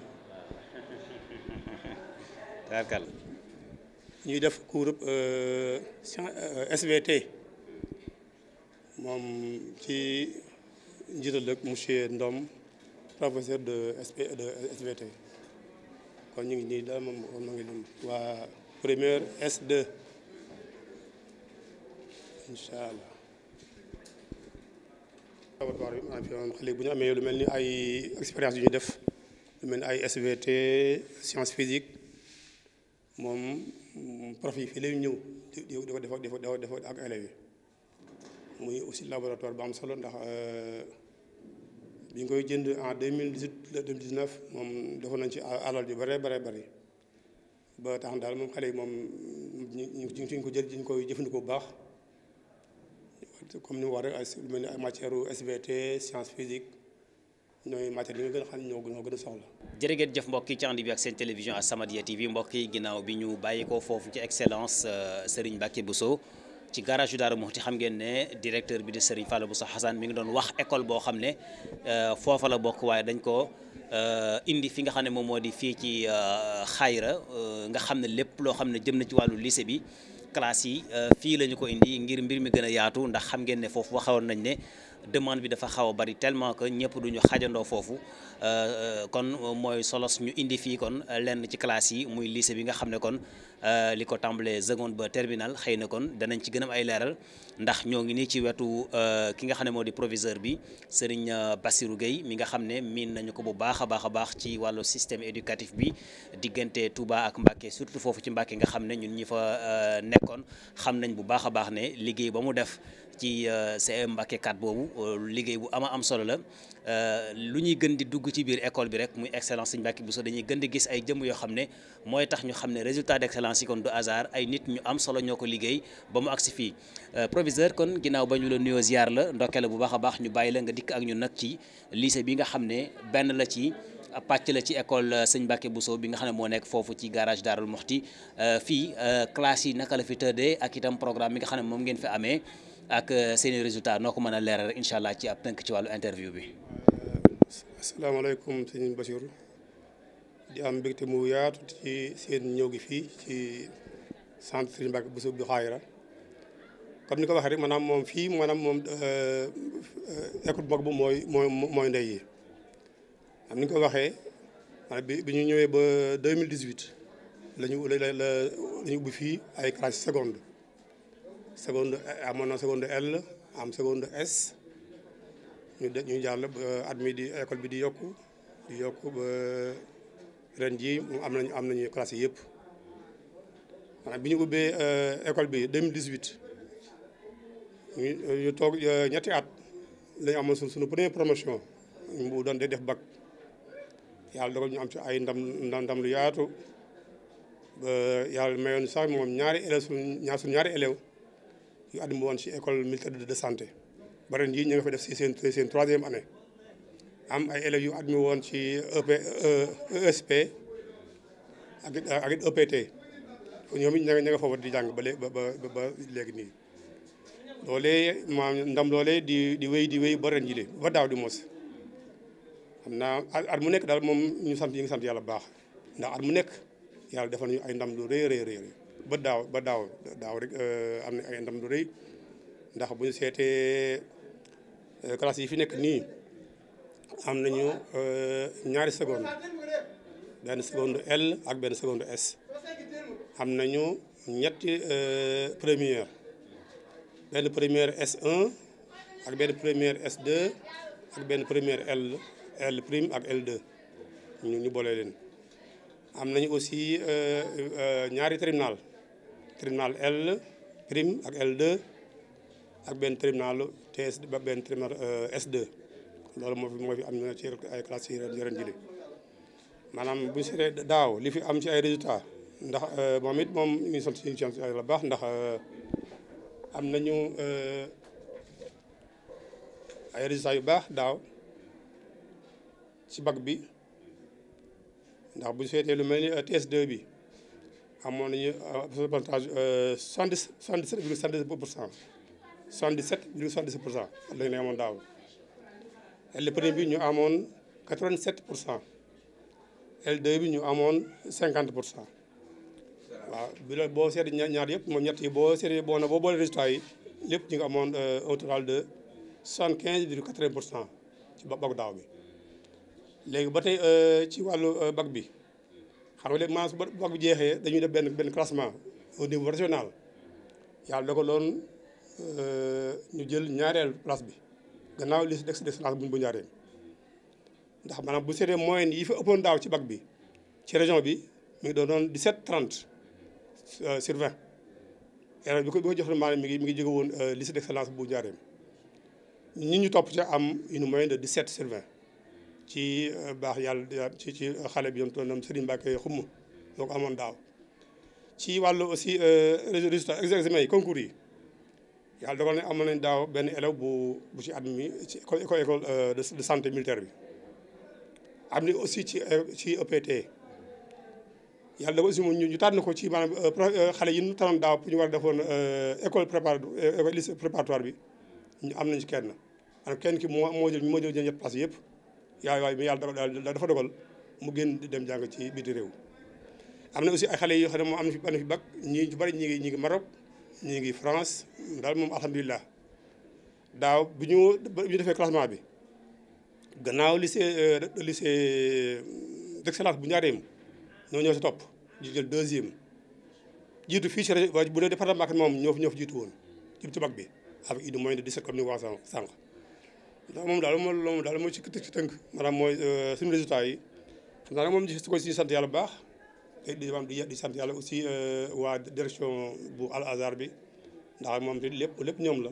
[laughs] tarkal ñuy def cours euh, SVT euh, moom ci njiital ak monsieur Ndom professeur de SVT kon ñu ngi nii daal moom ma ngi lim waa première s incha allah. laboratoire bi maanaam fi maanaam xale bu ñu amee lu mel ni ay expérience yu ñu def lu mel ni ay SVT science physique moom prof yi fii lay ñëw di di ko defal di ko defal ak élèves muy aussi laboratoire bu am solo ndax euh, bi ñu koy jënd en deux mille dix huit deux mille neuf moom defoon nañ ci alal yu bare bare bëri ba tax daal moom xale yi moom ñu ñu ngi ko jël ñu koy jëfandikoo bu baax. comme ni mu waree ay lu mel ni ay matière SVT science physique ñooy matière yi nga gën a xam ñoo ñoo soxla. jërëjëf jëf mbokk yi ci ànd bi ak seen télévision As-Samadiyya TV mbokk yi ginnaaw bi ñu bàyyi ko foofu ci excellence euh, Serigne bu Bousso ci garage yu Daaru Muxti xam ngeen ne directeur bi di Serigne bu Bousso Hassan mi ngi doon wax école boo xam ne euh, foofa la bokk waaye dañ ko euh, indi fi nga xam ne moom moo di fii ci xayra nga xam ne lépp loo xam ne jëm na ci wàllu lycée bi. classe yi euh, fii la ñu ko indi ngir mbir mi gën a yaatu ndax xam ngeen ne foofu waxoon nañ ne demande bi dafa xaw a bari tellement que ñëpp duñu xajandoo foofu euh, euh, kon mooy solos ñu indi fii kon lenn ci classe yi muy lycée bi nga xam ne kon euh, li ko tàmbalee seconde ba terminale xëy na kon danañ ci gën a am ay leeral ndax ñoo ngi nii ci wetu ki nga xam ne moo di proviseur bi Serigne Bassirou géey mi nga xam ne miin nañu ko bu baax a baax a baax ci wàllu système éducatif bi diggante tubaa ak Mbacké surtout foofu ci Mbacké nga xam ne ñun ñi fa nekkoon xam nañ bu baax a baax ne liggéey ba mu def ci euh, CM Mbacké 4 boobu euh, liggéey bu ama am solo la euh, lu ñuy gën di dugg ci biir école bi rek muy excellence Serigne Mbacké Bousso dañuy gën di gis ay jëmm yoo xam ne mooy tax ñu xam ne résultat d'excellence yi kon du hasard ay nit ñu am solo ñoo ko liggéey ba mu agsi fii proviseur kon ginnaaw ba ñu la nuyoo ziar la ndokke la bu baax a baax ñu bàyyi la nga dikk ak ñu nag ci lycée bi nga xam ne benn la ci pàcc la ci école Serigne Mbacké Bousso bi nga xam ne moo nekk foofu ci garage Darou Mouhty fii classe yi naka la fi tëddee ak itam programme bi nga xam ne moom ngeen fi amee ak euh, seen i résultat noo ko mën a leeral rek allah ci ab tënk ci wàllu interview bi. Euh, asalaamaaleykum sëñ Bachir di am mbégte mu yaatu ci seen ñëw gi fii ci centre Serigne Mbacké Bousso bi Xaayra comme ni ko waxee rek moom fii maanaam moom euh, école bu mag bu mooy mooy mooy ndey yi am ni ko waxee bi bi ñu ñëwee ba 2018 la ñu la la ubbi fii ay classes secondes. seconde euh, amoon na seconde L am seconde S ñu de ñu ba euh, at mi di école bi di yokku di yokku ba euh, ren jii am nañu am nañu classe yëpp maanaam bi ñu ubbee école bi 2018 ñu ñu toog ñetti at la am amoon suñu première promotion bu doon day def bac yàlla dogal ñu am ci ay ndam ndam lu yaatu ba yàlla mayoon sax moom ñaari élèves ñaar suñu ñaari élèves. yu admis woon ci école militaire de santé ba ren jii ñu fa def ci seen seen troisième am ay élèves yu admis woon ci EP ESP e, e ak ak EPT e ñoom it ña ña nga foofu di jàng ba ba ba léegi nii loolee maam ndam loolee di di wéy di wéy ba ren jii ba daaw di mos xam naa at mu nekk daal moom ñu sant yi ngi sant yàlla bu baax ndax at mu nekk yàlla defal ay ndam lu rëy rëy ba daaw ba daaw daaw rek euh, am na ay ndam lu rëy ndax bu ñu seetee euh, classe yi fi nekk nii am nañu euh, ñaari seconde benn seconde L ak benn seconde S am nañu ñetti première benn première S1 ak benn première S2 ak benn première L L prime ak L2 ñu ñu boole leen am nañu aussi ñaari terminal terminal L prime ak L2 ak benn terminal TS ba benn terminal euh, sd loolu moo fi moo fi am na ci ay classes yi ren jëlee maanaam bu ñu seetee daaw li fi am ci ay résultats ndax euh, moom it moom ñu sant suñu chance la baax ndax euh, am na ñu ay résultats yu baax daaw ci bac bi ndax bu ñu seetee lu mel ni bi. amoon nañu pourcentage euh, euh, soixante dix soixante dix sept virgule soixante dix pour cent soixante dix sept virgule soixante dix pour cent lañ daaw l bi ñu amoon quatre vingt sept pour cent l bi ñu amoon cinquante pour cent waaw bi la boo seet ñaar yëpp moom ñett boo seet boo na boo boole résultat yi lépp ñu amoon un euh, total de soixante quinze virgule quatre pour cent ci bac daaw bi léegi ba tey ci wàllu bac bi. xam nga léegi maanaam bu bac bi jeexee dañuy def benn benn classement au niveau régional yàlla dogaloon euh, ñu jël ñaareel place bi gannaaw liste d'excellence bu ñu bu ñaareel ndax maanaam bu seetee moyenne yii fa ëppoon daaw ci bac bi ci région bi mi ngi doon doon 17 30 sur 20 yàlla bi ko ko jox maanaam mi ngi mi ngi jóge woon euh, liste d'excellence bu ñaareel ñi ñu topp ca am une moyenne de 17 sur 20 ci euh, baax yàlla ci ci xale bi yomtoon nam Serigne Mbacke xumm moo ko amoon daaw ci wàllu aussi euh, résultat examen yi yi yàlla dogal ne amoon nañ daaw benn élève bu bu ci mi ci école école euh, de santé militaire bi am ni aussi ci ci EPT yàlla dogal aussi moom ñu tànn ko ci maanaam xale yi ñu tànnoon daaw pour ñu war a defoon école prépar école lycée préparatoire bi ñu am nañ ci kenn maanaam kenn ki moo moo jël moo jël ñetti place yëpp yaay waay mais yàlla dafa dafa dogal mu génn dem jàng ci biti réew. am na aussi ay xale yoo xam ne moom am na fi am fi bac ñii bari ñi ngi ñi ngi Maroc ñi ngi France daal moom alhamdulilah daaw bi ñu bi ñu defee classement bi gannaaw lycée euh, lycée euh, bu Njaareem ñoo si topp ñu jël deuxième jiitu fii ci si rajo bu dee département Mbacké moom ñoo fi ñoo fi jiitu woon ci bac bi avec mooy moyenne di 17 comme ni mu wax ndax moom daal moom loolu daal mooy ci ci tënk mooy euh, suñu résultat yi xam naa nag moom su ko si sant yàlla baax di di di sant yàlla aussi euh, waa direction bu Al Azhar bi ndax moom lépp lépp ñoom la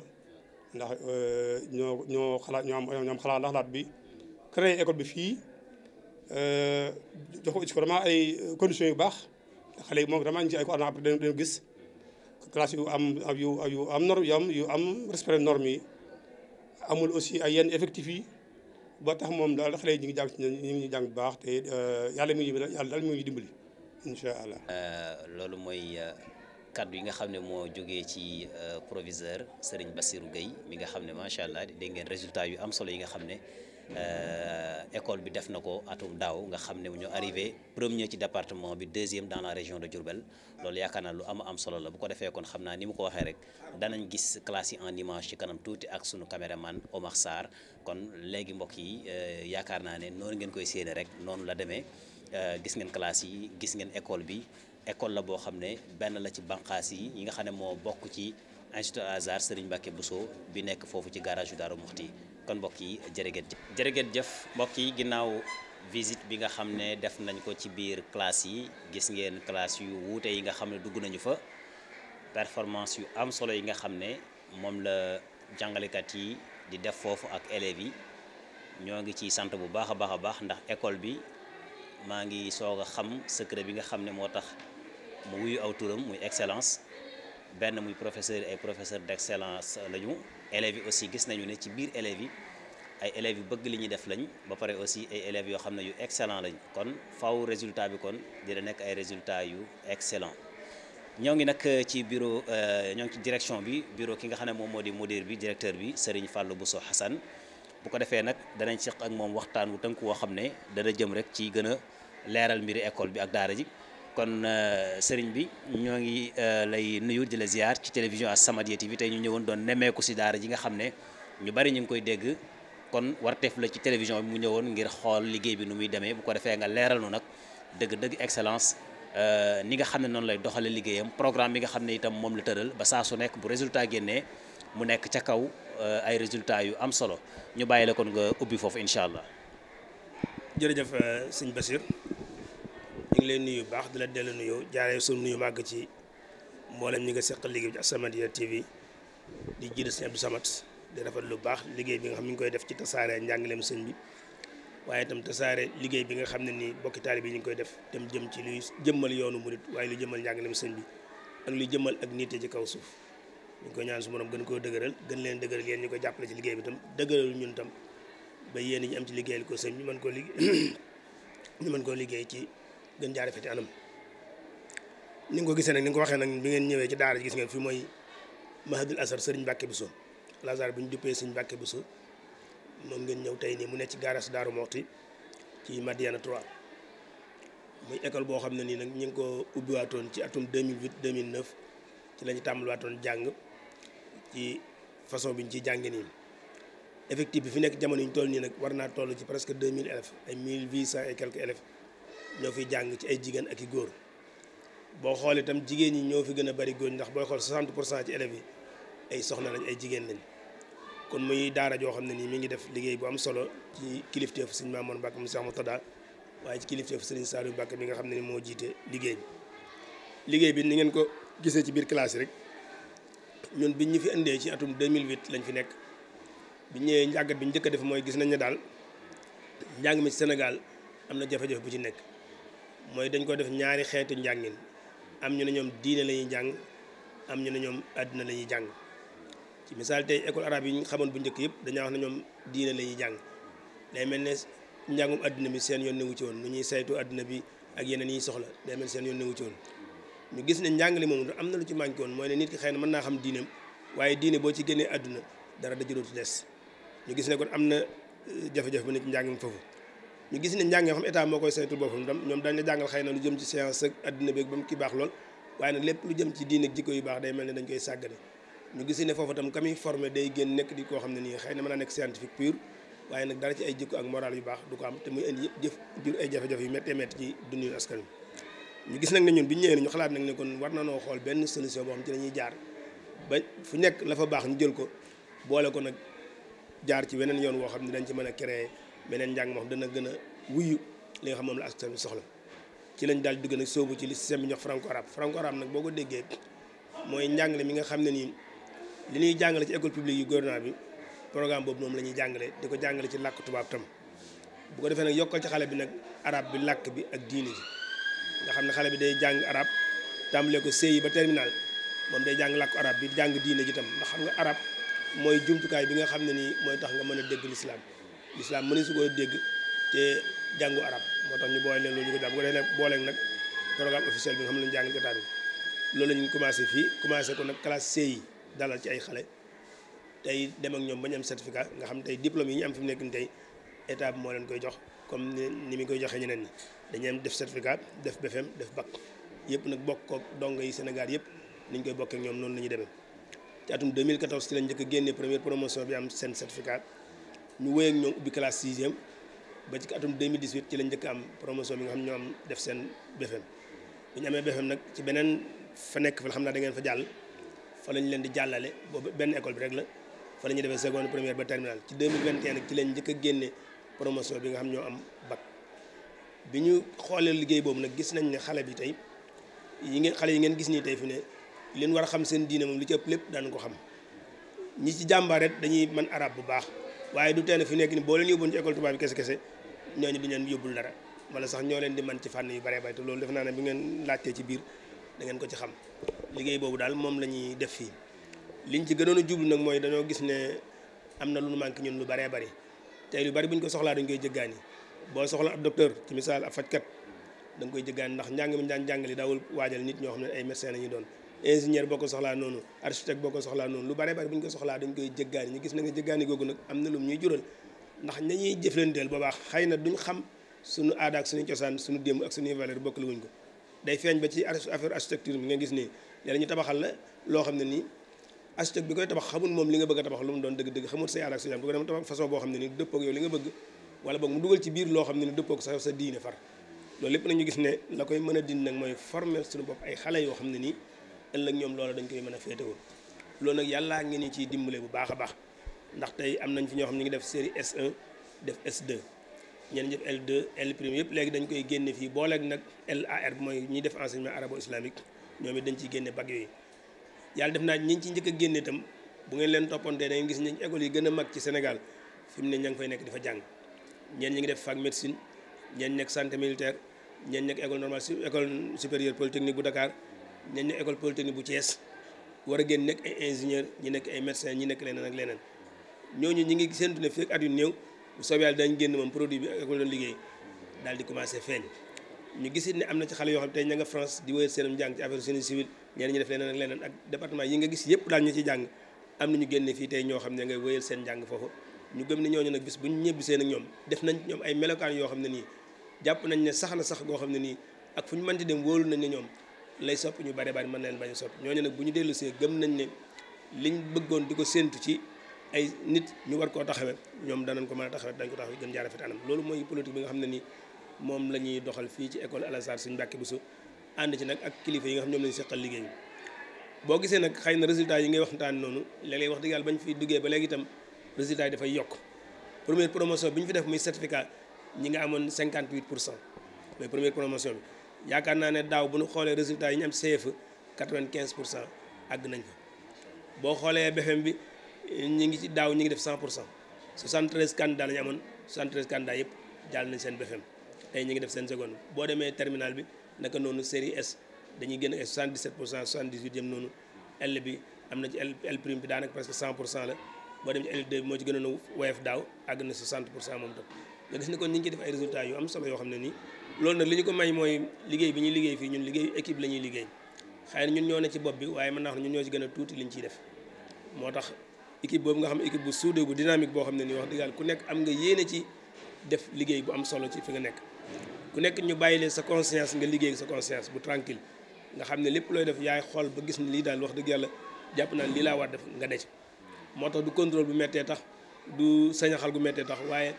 ndax euh, ñoo ñoo xalaat ñoo am ñoo am xalaat xalaat bi créé école bi fii jox ko vraiment ay conditions yu baax xale yi moom vraiment ñu ci ay ko après dañu gis classe yu am yu yu yu am respect norme yi amul aussi ay yenn effectif yi ba tax moom daal xale yi ñu ngi jàng ci ñu ngi jàng bu baax te euh, yàlla mi ngi yàlla daal mi ngi dimbali incha allah. Euh, loolu mooy euh, kaddu yi nga xam ne moo jógee ci proviseur Serigne Bassirou Gueye mi nga xam ne macha allah dégg ngeen résultat yu am solo yi nga xam ne. Euh, école bi def na ko atum daaw nga xam ne ñu arrivé premier ci département bi deuxième dans la région de Diourbel loolu yaakaar naa lu am am solo la bu ko defee kon xam naa ni mu ko waxee rek danañ gis classe yi en image ci kanam tuuti ak sunu caméraman Omar saar kon léegi mbokk yi euh, yaakaar naa ne noonu ngeen koy séenee rek noonu la demee euh, gis ngeen classe yi gis ngeen école bi école la boo xam ne benn la ci banqaas yi yi nga xam ne moo bokk ci institut Al Azhar Serigne Mbacké Bousso bi nekk foofu ci garage yu Darou Mouhty kon mbokk yi jërëgët jëf jëf mbokk yi ginnaaw visite bi nga xam ne def nañ ko ci biir classe yi gis ngeen classe yu wuute yi nga xam ne dugg nañu fa performance yu am solo yi nga xam ne moom la jàngalekat yi di def foofu ak élèves yi ñoo ngi ciy sant bu baax a baax a baax ndax école bi maa ngi soog a xam secret bi nga xam ne moo tax mu wuyu aw turam muy excellence benn muy professeur ay professeur d'excellence lañu élèves yi aussi gis nañu ne ci biir élèves yi ay élèves yu bëgg li ñuy def lañ ba pare aussi ay élèves yoo xam ne yu excellent lañ kon faw résultat bi kon dina nekk ay résultat yu excellent ñoo ngi nag euh, ci bureau euh, ñoo ngi ci direction bi bureau ki nga xam ne moom moo di modèle bi directeur bi fàll bu Bousso Hassan bu ko defee nag danañ seq ak moom waxtaan wu tënk woo xam ne dana jëm rek ci gën a leeral mbiri école bi ak daara ji kon euh, sëriñ bi ñoo ngi euh, lay nuyu di la ziar ci télévision As-Samadiyya TV tey ñu ñëwoon doon nemmeeku si daara ji nga xam ne ñu bari ñu ngi koy dégg kon warteef la ci télévision bi mu ñëwoon ngir xool liggéey bi nu muy demee bu ko defee nga leeral nu nag dëgg-dëgg excellence euh, ni nga xam ne noonu lay doxalee liggéeyam programme bi nga xam ne itam moom la tëral ba saa su nekk bu résultat génnee mu nekk ca kaw ay résultats yu am solo ñu bàyyi la kon nga ubbi foofu incha allah. li ngi leen nuyu baax di la dellu nuyu jaaree suñu nuyu màgg ci mboolem ñi nga seqal liggéey bi ci As-Samadiyya TV di jiitu sëñ Abdou Samad di rafet lu baax liggéey bi nga xam ne ñu koy def ci tasaare njàngaleem sëñ bi waaye itam tasaare liggéey bi nga xam ne nii bokki taalib yi ñu ngi koy def dem jëm ci luy jëmal yoonu murit waaye lu jëmmal njàngaleem sëñ bi ak lu jëmal ak nit ci kaw suuf ñu ko koy ñaan su borom gën koo dëgëral gën leen dëgëral yéen ñu koy jàppale ci liggéey bi tam dëgëral ñun tam ba yéen ñi am ci liggéeyal ko sëñ ñu mën koo liggéey [coughs] ñu mën koo liggéey ci gën jaare feti anam ni nga ko gisee nag ni nga ko waxee nag bi ngeen ñëwee ci daar ji gis ngeen fi mooy mahadul asar sëriñ Mbàkke Buso Lazare bu ñu duppee bàkke Mbàkke su moom ngeen ñëw tey nii mu nekk ci gaaraas Daaru Moxti ci Madiana 3 muy école boo xam ne nii nag ñu ngi ko ubbiwaatoon ci atum 2008 2009 ci la ñu tàmbaliwaatoon jàng ci façon bi ñu ciy jàngee nii effectif bi fi nekk jamono yi ñu toll nii nag war naa toll ci presque 2000 élèves ay et quelques ñoo fiy jàng ci ay jigéen ak i góor boo xool itam jigéen ñi ñoo fi gën a bari góor ndax booy xool 60 pour cent ci élèves yi ay soxna lañ ay jigéen lañ kon muy daara joo xam ne nii mi ngi def liggéey bu am solo ci kilifteefu sëñ Mamoun Mbacke mu Cheikh Moutada waaye ci kilifteefu sëriñ Saliou Mbacke mi nga xam ne ni moo jiite liggéey bi liggéey bi ni ngeen ko gisee ci biir classe rek ñun biñ ñu fi indee ci atum 2008 lañ fi nekk bi ñëwee njàngat bi njëkk a def mooy gis nañ ne daal njàng mi ci Sénégal am na jafe-jafe bu ci nekk mooy dañ ko def ñaari xeetu njàngin am ñu ne ñoom diine la ñuy jàng am ñu ne ñoom àddina la ñuy jàng ci misaal tey école arabe yi ñu xamoon bu njëkk yëpp dañaa wax ne ñoom diine la ñuy jàng day mel ne njàngum àddina bi seen yoon newu ci woon nu ñuy saytu àddina bi ak yeneen yi soxla day mel seen yoon newu ci woon ñu gis ne njàngale moomu am na lu ci manqué woon mooy ne nit ki xëy na mën naa xam diineem waaye diine boo ci génnee àdduna dara da juróotu des ñu gis ne kon am na euh, jafe-jafe bu ne ci njàngam ñu gis ne njàng yoo xam état moo koy saytu boppam tam ñoom dañ la jàngal xëy na lu jëm ci science ak addina beeg ba nag lépp lu jëm ci diine ak jikko yu baax day mel ne dañ koy sàggane ñu gis ne foofu tam ka muy formé génn nekk di koo xam ne nii xëy na mën naa nekk scientifique pur waaye nag dara ay jikko ak moral yu baax du ko am te muy jëf jur ay jafe-jafe yu méttee métti ci dundu askan ñu gis nag ne ñun bi ñu ñëwee ñu xalaat nag ne kon war na noo xool benn solution boo xam ci lañuy jaar ba fu nekk la fa baax ñu jël ko boole ko nag jaar ci weneen yoon woo xam ne dañ ci mën a créer meneen njàng moom dana gën a wuyu li nga xam moom la askan bi soxla ci lañ daal di gën a sóobu ci li système bi ñox franco arabe franco arabe nag boo ko déggee mooy njàngale mi nga xam ne nii li ñuy jàngale ci école publique yu gouvernement bi programme boobu moom la ñuy jàngale di ko jàngale ci làkk tubaab tam bu ko defee nag yokkal ci xale bi nag arab bi làkk bi ak diini ji nga xam ne xale bi day jàng arab tàmbalee ko CI ba terminal moom day jàng làkku arab bi jàng diine ji tam ndax xam nga arab mooy jumtukaay bi nga xam ne nii mooy tax nga mën a dégg lislaam lislaam mëni su ko dégg te jàngu arab moo tax ñu boole leen loolu ñu ko jàng bu ko defee booleeg nag programme officiel bi nga xam ne jàng jotaay bi loolu lañu commencé fii commencé ko nag classe C yi dalal ci ay xale tey dem ñoom bañ am certificat nga xam ne tey diplôme yi ñu am fi mu nekk nii tey état moo leen koy jox comme ni mi koy joxe ñeneen ñi dañuy am def certificat def BFM def bac yëpp nag bokk ko dongo yi Sénégal yëpp ni ñu koy bokkee ak ñoom noonu la ñuy demee ci atum 2014 ci lañ njëkk ñu wéy ak ñoom ubbi classe sixième ba ci atum 2018 ci lañ njëkk am promotion bi nga xam ñoo am def seen BFM bi ñu amee BFM nag ci beneen fa nekk fa xam naa da ngeen fa jàll fa la leen di jàllale boobu benn école bi rek la fa la ñuy defee seconde première ba terminale ci 2021 nag ci leen njëkk a génne promotion bi nga xam ñoo am bac bi ñu xoolee liggéey boobu nag gis nañ ne xale bi tey yi ngeen xale yi ngeen gis nii tey fi ne leen war a xam seen diine moom li lépp daan ko xam ñi ci jàmbaare dañuy mën arab bu baax waaye du teen fi nekk ni boo leen yóbbuwoon ci école tubaab bi kese kese ñooñu du leen yóbbul dara wala sax ñoo leen di man ci fànn yu bare bare te loolu def ne bu ngeen laajtee ci biir da ngeen ko ci xam liggéey boobu daal moom la ñuy def fii liñ ci gënoon a jublu nag mooy dañoo gis ne am na lu nu ñun lu baree bari tey lu bari buñ ko soxlaa dañ koy jëggaani boo soxla ab docteur ci misaal ab fajkat da nga koy jëggaani ndax njàng mi daan jàngale dawul waajal nit ñoo xam ne ay médecin la ñuy doon ingénier boo ko soxlaa noonu architecte boo ko soxlaa noonu lu bare bari bu ñu ko soxlaa dañ koy jëggaani ñu gis na nga jëggaani googu nag am na lu ñuy jural ndax ñañuy xëy na duñ xam suñu aada ak suñu cosaan suñu démb ak suñuy valeur bokkul wuñ ko day feeñ ba ci affaire architecture bi nga gis nii léeg ñu tabaxal la loo xam ne nii architecte bi koy tabax nga bëgg a lu mu doon dëgg-dëgg xamul say aada ak suñu bu ko dem tabax façon loo xam ne ni dëppoo ak sa sa diine far loolu lépp nañu gis ne la koy mën a dind nag mooy former suñu bopp ay xale yoo xam ne nii ëllëg ñoom loolu dañ koy mën a féetewul loolu nag yàllaa ngi ni ciy dimbale bu baax a baax ndax tey am nañ fi ñoo xam ne ngi def série S1 def S2 ñeneen ñi def L2 yëpp léegi dañ koy génne fii booleeg nag LAR mooy ñuy def enseignement arabo islamique ñoom it dañ ciy génne bac yooyu yàlla def naa ñi ci njëkk a itam bu ngeen leen toppantee da ngeen ñi école yi gën a mag ci Sénégal fi mu ne ña ngi fay nekk dafa jàng ñeen ñi ngi def fac médecine ñeen nekk santé militaire ñeen nekk école normale école supérieure polytechnique bu Dakar ñañ ñu école polytechnique bu Thiès war a génn nekk nekk ay médecin ñi nekk leneen ak leneen ñooñu ñi ngi séntu ne fii ak at yu néew dañ génn moom produit liggéey daal di commencé feeñ ñu gisit ni am na ci xale yoo xam ne ña nga France di wéyal seenum jàng ci affaire génie civil ñeneen ñi leneen ak leneen yi nga gis yëpp daal ñu ci jàng am na ñu génne tey ñoo xam ne ngay wéyal seen jàng foofu ñu gëm ne ñooñu nag bis bu ñu ñebbisee nag ñoom def nañ ñoom ay melokaan yoo xam ne nii jàpp nañ ne sax na sax goo xam ne nii ak fu ñu mën dem wóolu nañ ne ñoom lay sopp ñu bare bari mën leen bañ a sopp ñooñu nag bu ñu dellu see gëm nañ ne liñ bëggoon di ko séentu ci ay nit ñu war koo taxawee ñoom danañ ko mën a taxawee dañ ko taxawee gën jaar rafet anam loolu mooy politique bi nga xam ne nii moom la ñuy doxal fii ci école Al Azhar Serigne Mbacké Bousso ànd ci nag ak kilifa yi nga xam ñoom lañu seqal liggéey boo gisee nag xëy na résultat yi ngay waxtaan noonu léeg-léeg wax dëgg yàlla bañ fi duggee ba léegi itam résultat yi dafay yokk première promotion bi ñu fi def muy certificat ñi nga amoon 58 pour cent mooy première yaakaar naa ne daaw bu ñu xoolee résultat yi ñu am CFE quatre-vingt-quinze pour cent àgg nañ fa boo xoolee BFM bi ñu ngi ci daaw ñu ngi def cent pour cent soixante-treize candidats la ñu amoon soixante-treize candidats yëpp jàll nañ seen BFM tey ñu ngi def seen boo demee terminal bi naka noonu série S dañuy génn ay soixante-dix-sept pour cent soixante-dix-huit jëm noonu L bi am na ci L L prime bi daanaka presque cent pour cent la boo demee ci L2 bi moo ci gënoon a woyof daaw loolu nag li ñu ko may mooy liggéey bi ñuy liggéey fii ñun liggéey équipe la ñuy liggéey xëy na ñun ñoo ne ci bopp bi waaye man naa wax ñun ñoo ci gën a tuuti liñ ciy def moo tax équipe boobu nga xam équipe bu soudée bu dynamique boo xam ne nii wax dëgg yàlla ku nekk am nga yéene def liggéey bu am solo ci fi nga nekk ku nekk ñu bàyyi leen sa conscience nga liggéey sa conscience bu tranquille nga xam ne lépp looy def yaay xool ba gis ni lii daal wax dëgg yàlla jàpp naa lii laa war def nga dec moo tax du contrôle bu mettee tax du sañaxal gu méttee tax waaye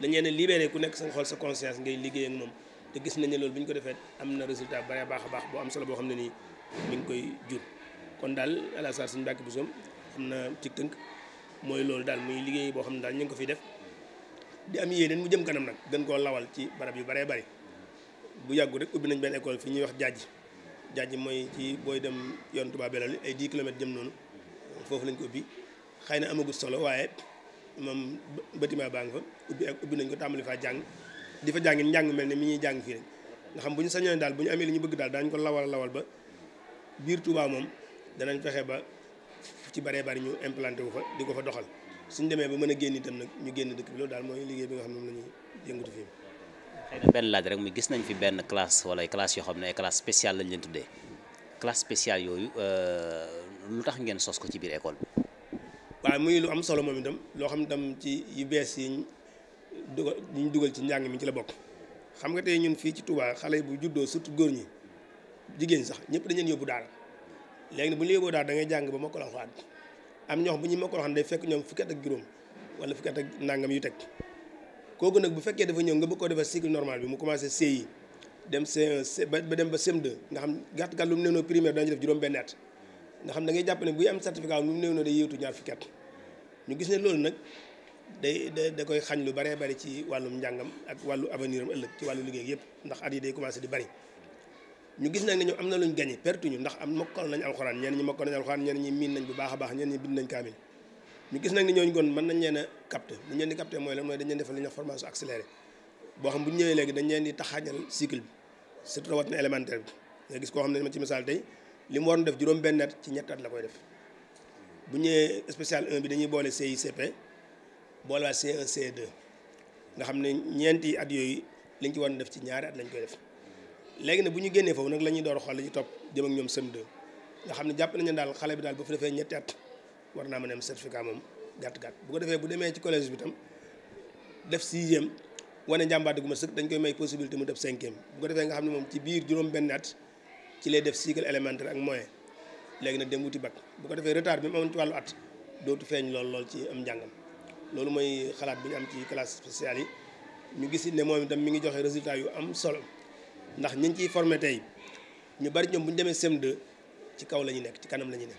dañu leen libéré ku nekk sa xool sa conscience ngay liggéey ak moom te gis nañ ne loolu bi ñu ko defee am na résultat bare baax baax boo am solo boo xam ne nii mi ngi koy jur kon daal àlasar suñu bu bisoom am na ci kënk mooy loolu daal muy liggéey boo xam ne daal ñu ngi ko fi def di am yéeneen mu jëm kanam nag gën koo lawal ci barab yu baree bari bu yàggu rek ubbi nañ benn école fi ñuy wax jàjj jaaji mooy ci booy dem yoon Touba Belal ay 10 kilomètres jëm noonu foofu lañ ko ubbi xëy na amagu solo waaye moom bâtiment baa ubbi nañ ko tàmbali faa jàng di fa jàngin njàng mel ne mi ñuy jàng fii rek nga xam bu ñu sañoon daal bu ñu amee li ñu bëgg daal daañu ko lawal ba biir Touba moom danañ fexe ba ci bare bari ñu implante wu fa di ko fa doxal suñ demee ba mën a génn itam nag ñu génn dëkk bi loolu daal mooy liggéey bi nga xam ne moom la ñuy yëngatu fii. xëy na benn laaj rek muy gis nañ fi benn classe wala classe yoo xam ne ay classe spéciale lañ leen tuddee classe spéciale yooyu euh, lu tax ngeen sos ko ci biir école bi. yi dugal ñu dugal ci njàng mi ci la bokk xam nga tey ñun fii ci Touba xale bu juddoo surtout góor ñi jigéen sax ñëpp dañu leen yóbbu daara léegi nag bu ñu yóbbu daara da ngay jàng ba mokkal alxuraan am ñoo xam bu ñuy mokkal alxuraan day fekk ñoom fukki at ak juróom wala nangam yu teg kooku nag bu fekkee dafa ñëw nga bëgg koo defal cycle normal bi mu commencé CI dem C1 ba dem ba cm de nga xam gàtt gàtt lu mu néewnoo primaire dañu def juróom-benn at nga xam da ngay jàpp buy am certificat lu mu néewnoo day yéewtu ñaar fukki at ñu gis loolu nag day da koy xañ lu bare bari ci wàllum njàngam ak wàllu avenir am ëllëg ci wàllu liggéey yëpp ndax at yi day commencé di bari ñu gis nag ne ñu am na luñ gañe pertu ñu ndax am mokkal nañ alxuraan ñenn ñi mokkal nañ alxuraan ñenn ñi miin nañ bu baax a baax ñenn ñi bind nañ kaamil ñu gis nag ne ñooñu kon mën nañ leen a capté bu di capté mooy lan mooy dañ leen defal li ñuy wax formation accélérée boo xam bu ñëwee léegi dañ leen di taxaajal cycle bi surtout rawatina élémentaire bi nga xam ne ma ci misaal tey li mu waroon def juróom benn at ci ñett koy def bu ñëwee spécial 1 bi dañuy boole CICP boolawaat CE CE2 nga xam ne ñeenti at yooyu liñ ci waroon def ci ñaari at lañ koy def léegi nag bu ñu génnee foofu nag la ñuy door xool la ñuy topp jëm ak ñoom CM2 nga xam ne jàpp nañu daal xale bi daal bu fa defee ñetti at war naa mën a am certificat moom gàtt gàtt bu ko defee bu demee ci collège bi tam def sixième wane njàmbaate gu ma sëkk dañ koy may possibilité mu def cinquième bu ko defee nga xam ne moom ci biir juróom benn at ci lay def cycle élémentaire ak moyen léegi nag dem wuti bac bu ko defee retard bi mu ci wàllu at dootu feeñ lool lool ci am njàngam loolu mooy xalaat bi ñu am ci classe spéciale yi ñu gis ne moom itam mi ngi joxe résultat yu am solo ndax ñi ciy formé tey ñu bari ñoom bu ñu demee CM2 ci kaw la ñu nekk ci kanam la ñu ne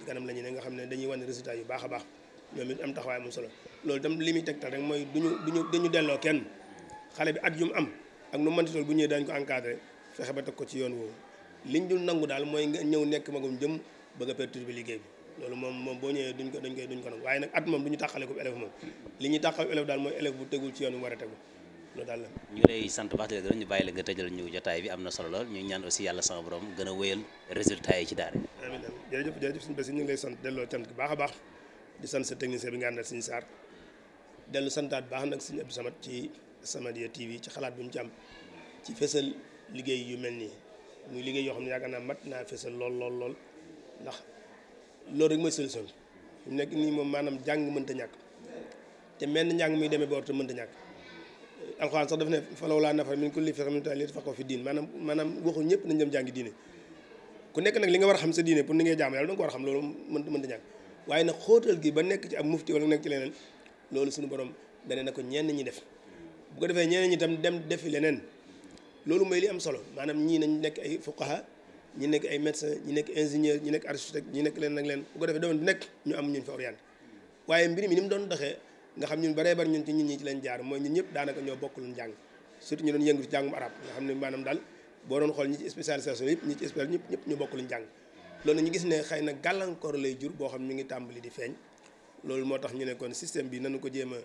ci kanam la ñu ne nga xam ne dañuy wane résultat yu baax a baax ñoom it am taxawaay mu solo loolu itam li muy tal rek mooy du ñu du ñu duñu delloo kenn xale bi at yu mu am ak nu mënti tool bu ñëwee dañ ko encadré fexe ba teg ko ci yoon woowu liñ dul nangu daal mooy nga ñëw nekk magum jëm bëgg a perturber liggéey bi loolu moom moom boo ñëwee duñ ko duñ ko nag waaye nag at moom du ñu tàqale ko élève moom li ñuy tàqale élève daal mooy élève bu tegul ci yoon wi war a tegu loolu daal la ñu lay sant baax di la gërëm ñu bàyyi la nga tëjal ñu jotaay bi am na solo lool ñu ñaan aussi yàlla sama a wéyal résultat yi ci daara amiin amiin jërëjëf jërëjëf suñu bés ñu ngi lay sant delloo cant a dellu santaat baax nag suñu Abdou Samad ci Samadiyya TV ci xalaat bi mu ci am ci fësal liggéey yu mel nii muy liggéey yoo xam ne yaakaar naa mat naa fësal lool lool lool ndax loolu rek mooy solution bi nekk nii moom maanaam jàng mënta ñàkk te mel ni njàng muy demee boor te mënta ñàkk alxuraan sax daf ne falaw laa nafar min kulli firqatin litafaqahu fi diin maanaam maanaam waxul ñëpp nañ dem jàngi diine ku nekk nag li nga war a xam sa diine pour ni ngay jaamu yàlla da nga ko war a xam loolu mënta mënta ñàkk waaye nag xootal gi ba nekk ci ab mufti wala nekk ci leneen loolu suñu borom dane na ko ñenn ñi def bu ko defee ñeneen ñi tam dem defi leneen loolu mooy li am solo maanaam ñii nañ nekk ay fuqaha ñu nekk ay médecin ñi nekk ingénieur ñu nekk architecte ñi nekk leen nag leen bu ko defee doon nekk ñu am ñun fa orienté waaye mbir mi ni mu doon doxee nga xam ñun baree bare ñun ci ñun ñi ci leen jaar mooy ñun ñëpp daanaka ñoo bokk luñ jàng surtout ñu doon yëngu nga xam ne maanaam dal boo doon xool ñi ci spécialisation yëpp ñi ci spécial ñëpp ñëpp ñu bokk luñ jàng loolu ñu gis ne xay na gàllankoor lay jur boo xam ñu ngi tàmbali di feeñ loolu moo tax ñu nekkoon kon système bi nañu ko jéem a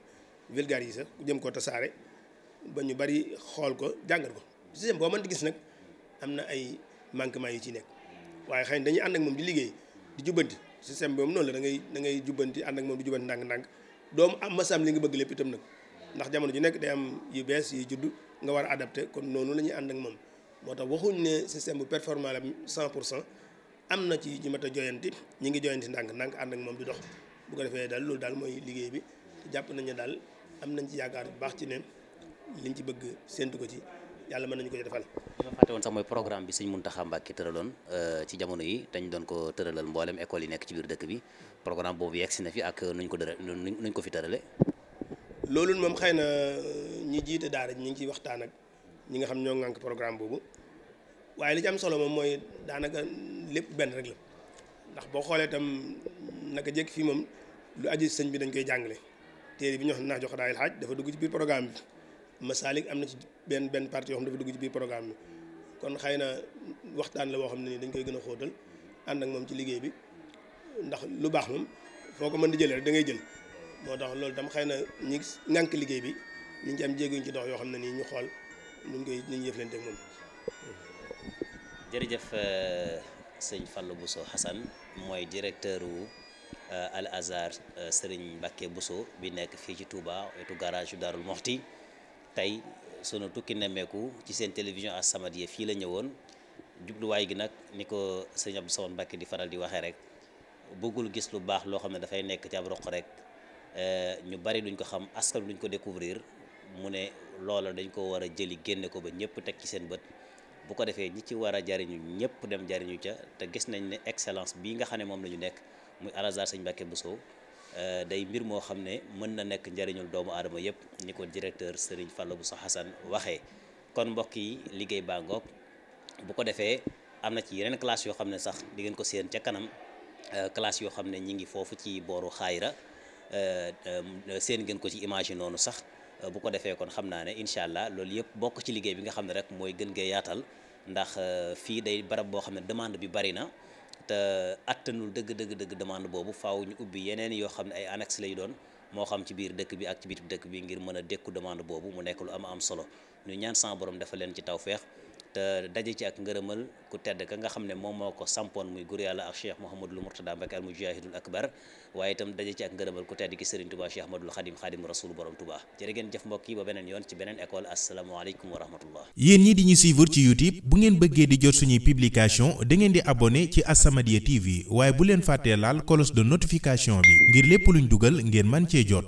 vulgariser jëm ko tasaare ba ñu bari xool ko jàngat ko système boo gis nag am na ay manquement yi ci nekk waaye xëy dañuy ànd ak moom di liggéey di jubbanti système bi moom noonu la da dangay da ngay jubbanti ànd ak moom di jubbanti ndànk-ndànk doomu am masam li nga bëgg lépp itam nag ndax jamono ji nekk day am yu bees yu judd nga war a adapté kon noonu la ànd ak moom moo tax waxuñ ne système bu performant la pour cent am na ci ñu mat a joyanti ñi ngi joyanti ndànk-ndànk ànd ak moom di dox bu ko defee daal loolu daal mooy liggéey bi jàpp nañu daal am nañ ci yaakaar bu baax ci ne liñ ci bëgg séntu ko ci yàlla mën nañu ko ci defal li ma fàtte woon sax mooy programme bi Sëriñ Muntaxa Mbàkke tëraloon euh, ci jamono yi dañ doon ko tëralal mboolem école yi nekk ci biir dëkk bi programme boobu na fi ak nuñ ko dëra nuñ ko fi tërale loolu moom xëy na euh, ñi jiite daara ñi ngi ciy waxtaan ak ñi xam ñoo ŋànk programme boobu waaye li ci am solo moom mooy daanaka lépp benn rek la ndax boo xoolee tam naka jekk fii moom lu aju sëñ bi dañ koy jàngale téere bi ñoo xam naa jox daayil xaaj dafa dugg ci biir programme bi Masalik am na ci benn benn partie yoo xam dafa dugg ci biir programme bi kon xëy na waxtaan la boo xam ne nii dañ koy gën a xóotal ànd ak moom ci liggéey bi ndax lu baax moom foo ko mën di jëlee rek da jël moo tax loolu tam xëy na ñi ŋànk liggéey bi ñu ngi ci ci dox yoo xam ne nii ñu xool nuñ koy nuñ jëflante ak moom. jërëjëf euh, sëñ Fallou Bousso Hassane mooy directeur wu sëriñ euh, Azhar euh, Serigne Mbacké Bousso bi nekk fii ci Touba wetu garage yu Darou Mokhti. tey sunu tukki nemmeeku ci seen télévision As-Samadiyya fii la ñëwoon jubluwaay gi nag ni ko sëñ Abdou Samad Mbacké di faral di waxee rek bëggul gis lu baax loo xam ne dafay nekk ci ab roq rek eh, ñu bari duñ ko xam askan luñ ko découvrir mu ne loola dañ ko war a jëli génne ko ba ñëpp teg ci seen bët bu ko defee ñi ci war a jariñu ñëpp dem jariñu ca te gis nañ ne excellence bii nga xam ne moom la ñu nekk muy Al Azhar sëñ bu Bousso Euh, day mbir moo xam ne mën na nekk njariñul doomu aadama yëpp ni ko directeur falo bu Bousso Hassane waxee kon mbokk yi liggéey baa ngoog bu ko defee am na ci yeneen classe yoo xam ne sax di ngeen ko séen ca kanam euh, classe yoo xam ne ñi ngi foofu ci booru xaayra euh, seen ngeen ko ci image noonu sax bu ko defee kon xam naa ne incha allah loolu yëpp bokk ci liggéey bi nga xam ne rek mooy gën gee yaatal ndax fii day barab boo xam ne demande bi bari na te attanul dëgg dëgg dëgg demande boobu faaw ñu ubbi yeneen yoo xam ne ay annexe lay doon moo xam ci biir dëkk bi ak ci biir dëkk bi ngir mën a dékku demande boobu mu nekk lu am am solo ñu ñaan sama borom dafa leen ci tawfeex te daje ci ak ngërëmal ku tedd ka nga xam ne moom moo ko sampoon muy gur yàlla ak cheikh Mouhamadul Mourtada Mbacké al mujahidul akbar waaye itam daje ci ak ngërëmal ku tedd ki Serigne Touba Cheikh Ahmadoul Khadim Khadim Rasoul borom Touba jërë ngeen jëf mbokk ba beneen yoon ci beneen école asalaamaaleykum wa rahmatullah yéen ñi di ñu suivre ci YouTube bu ngeen bëggee di jot suñuy publication da ngeen di abonné ci As-Samadiyya TV waaye bu leen fàttee laal cloche de notification bi ngir lépp luñ dugal ngeen man cee jot